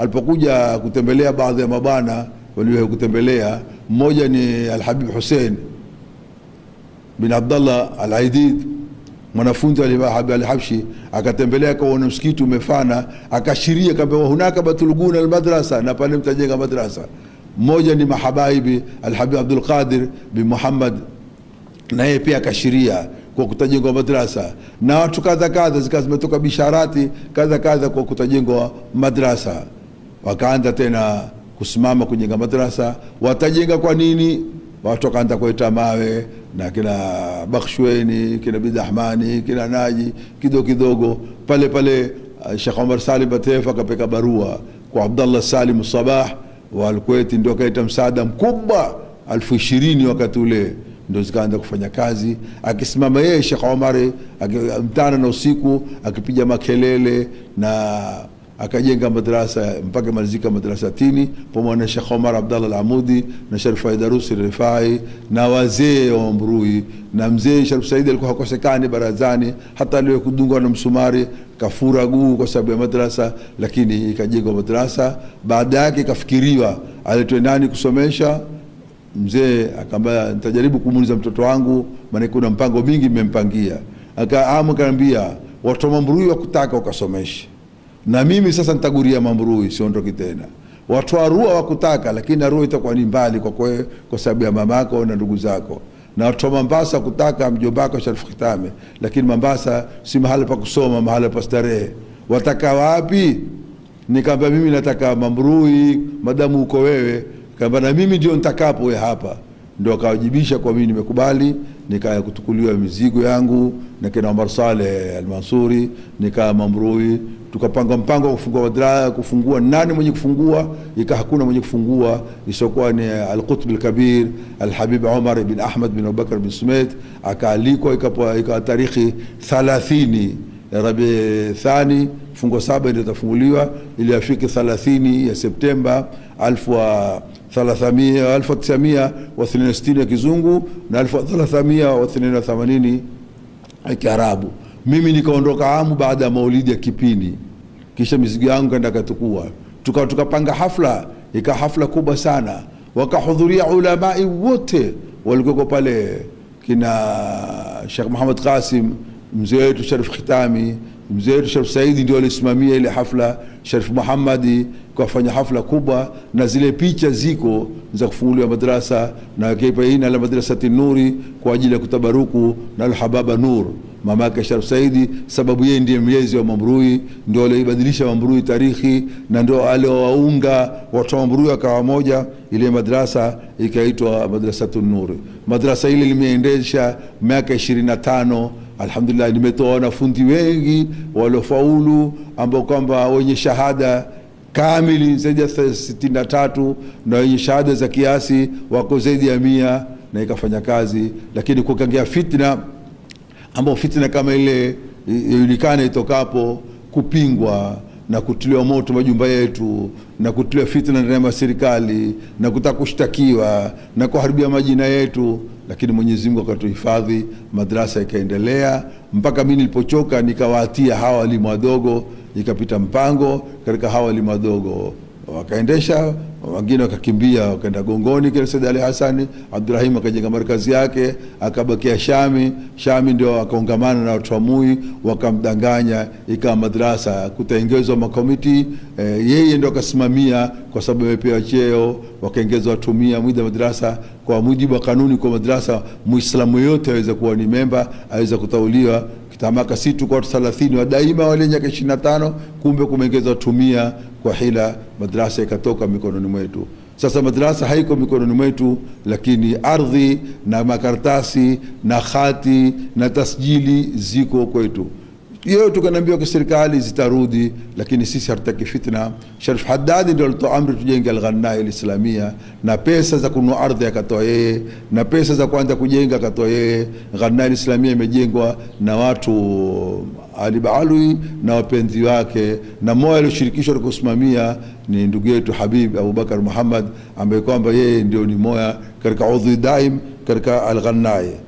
alipokuja kutembelea baadhi ya mabana kutembelea, mmoja ni Alhabib Hussein bin Abdallah Alaidid, mwanafunzi Alhabshi, akatembelea akaona msikiti umefana, akashiria kaambia, hunaka batulguna almadrasa, na pale mtajenga madrasa. Mmoja ni mahabaibi Alhabib Abdul Qadir bin Muhammad, naye pia akashiria kwa kutajengwa madrasa na watu kadha kadha, zikawa zimetoka bisharati kadha kadha kwa kutajengwa madrasa wakaanza tena kusimama kujenga madrasa. Watajenga kwa nini? Watu wakaanza kuleta mawe na kina Bakhshweni kina Bidahmani kina Naji, kidogo kidogo pale pale. Eh, Sheikh Omar Salim Batef akapeka barua kwa Abdallah Salim Sabah wa Alkuwaiti, ndio akaleta msaada mkubwa elfu ishirini wakati ule ndo zikaanza kufanya kazi, akisimama yeye Sheikh Omar mtana na usiku akipiga makelele na akajenga madrasa mpaka malizika madrasa tini pamoja na Sheikh Omar Abdallah Al-Amudi na Sharif Aidarusi Rifai na wazee wa Mbrui na mzee Sharif Said alikuwa hakosekani barazani, hata kudungwa na msumari kafura guu kwa sababu ya madrasa, lakini ikajengwa madrasa. Baada yake ikafikiriwa aletwe nani kusomesha Mzee akamwambia nitajaribu kumuuliza mtoto wangu, maana kuna mpango mingi mmempangia. Akaamua, watu wa Mambrui wakutaka ukasomeshe na mimi sasa nitaguria Mamrui, siondoki tena. wa rua wakutaka, lakini rua itakuwa ni mbali kwa kwe, kwa sababu ya mamako na ndugu zako, na wa Mombasa kutaka mjombako sharifu Kitame, lakini Mombasa si mahali pa kusoma, mahali pa starehe. Wataka wapi? nikamba mimi nataka Mamrui, madamu uko wewe. kamba na mimi ndio nitakapo, we hapa. Ndio akawajibisha kwa mimi nimekubali kutukuliwa mizigo yangu na kina Omar Saleh Almansuri, nika Mamrui, tukapanga mpango wa kufungua madrasa, kufungua nani mwenye kufungua, ika hakuna mwenye kufungua isiyokuwa ni Al-Kabir al Alhabib Omar ibn Ahmad bin Abubakar bin Sumait, akaalikwa ika tarehe 30 Rabi Thani fungo saba ndio itafunguliwa ili afike 30 ya Septemba alfu ya kizungu na 1380 ya Kiarabu. Mimi nikaondoka amu baada ya maulidi ya kipindi, kisha mizigo yangu kaenda katukua, tuka tukapanga hafla, ika hafla kubwa sana, wakahudhuria ulamai wote walikuwa pale, kina Sheikh Muhammad Qasim mzee wetu Sharif Khitami, mzee wetu Sharif Saidi ndio alisimamia ile hafla, Sharif Muhammadi kafanya hafla kubwa, na zile picha ziko za kufunguliwa madrasa na kipa hina la madrasa Tinuri kwa ajili ya kutabaruku na Alhababa Nur mama yake Sharif Saidi, sababu yeye ndiye mlezi wa Mamrui, ndio aliibadilisha Mamrui tarikhi na ndio aliowaunga watu wa Mamrui wakawa moja. Ile madrasa ikaitwa Madrasatun Nuri. Madrasa ile limeendesha miaka ishirini na tano Alhamdulillah, nimetoa wanafunzi wengi waliofaulu ambao kwamba wenye shahada kamili zaidi ya sitini na tatu na wenye shahada za kiasi wako zaidi ya mia na ikafanya kazi, lakini kukangia fitna ambao fitna kama ile ijulikane itokapo kupingwa na kutiliwa moto majumba yetu na kutiliwa fitna ndani ya serikali na kutaka kushtakiwa na kuharibia majina yetu, lakini Mwenyezi Mungu akatuhifadhi, madrasa ikaendelea mpaka mimi nilipochoka nikawaatia hawa walimu wadogo, ikapita mpango katika hawa walimu wadogo wakaendesha, wengine wakakimbia wakaenda Gongoni kile Said Ali Hasani Abdurahim akajenga markazi yake, akabakia Shami. Shami ndio akaungamana na watu wa Mui wakamdanganya, ikawa madrasa, kutaongezwa makomiti e, yeye ndio akasimamia kwa sababu amepewa cheo, wakaongezwa watu mia madarasa madrasa. Kwa mujibu wa kanuni kwa madrasa, muislamu yote aweza kuwa ni memba, aweza kutauliwa tamaka si tuko watu 30 wa daima wale nyaka ishirini na tano kumbe kumeongeza tumia kwa hila, madrasa ikatoka mikononi mwetu. Sasa madrasa haiko mikononi mwetu, lakini ardhi na makaratasi na hati na tasjili ziko kwetu yeye tukanaambia kwa serikali zitarudi, lakini sisi hatutaki fitna. Sharif Haddad ndio alitoa amri tujenge Alghannaa Alislamia, na pesa za kununua ardhi akatoa yeye, na pesa za kuanza kujenga akatoa yeye. Ghannaa Alislamia imejengwa na watu Ali Baalwi na wapenzi wake, na moyo alioshirikishwa kusimamia ni ndugu yetu Habib Abubakar Muhammad ambaye kwamba yeye ndio ni moya katika udhi daim katika Alghannaa.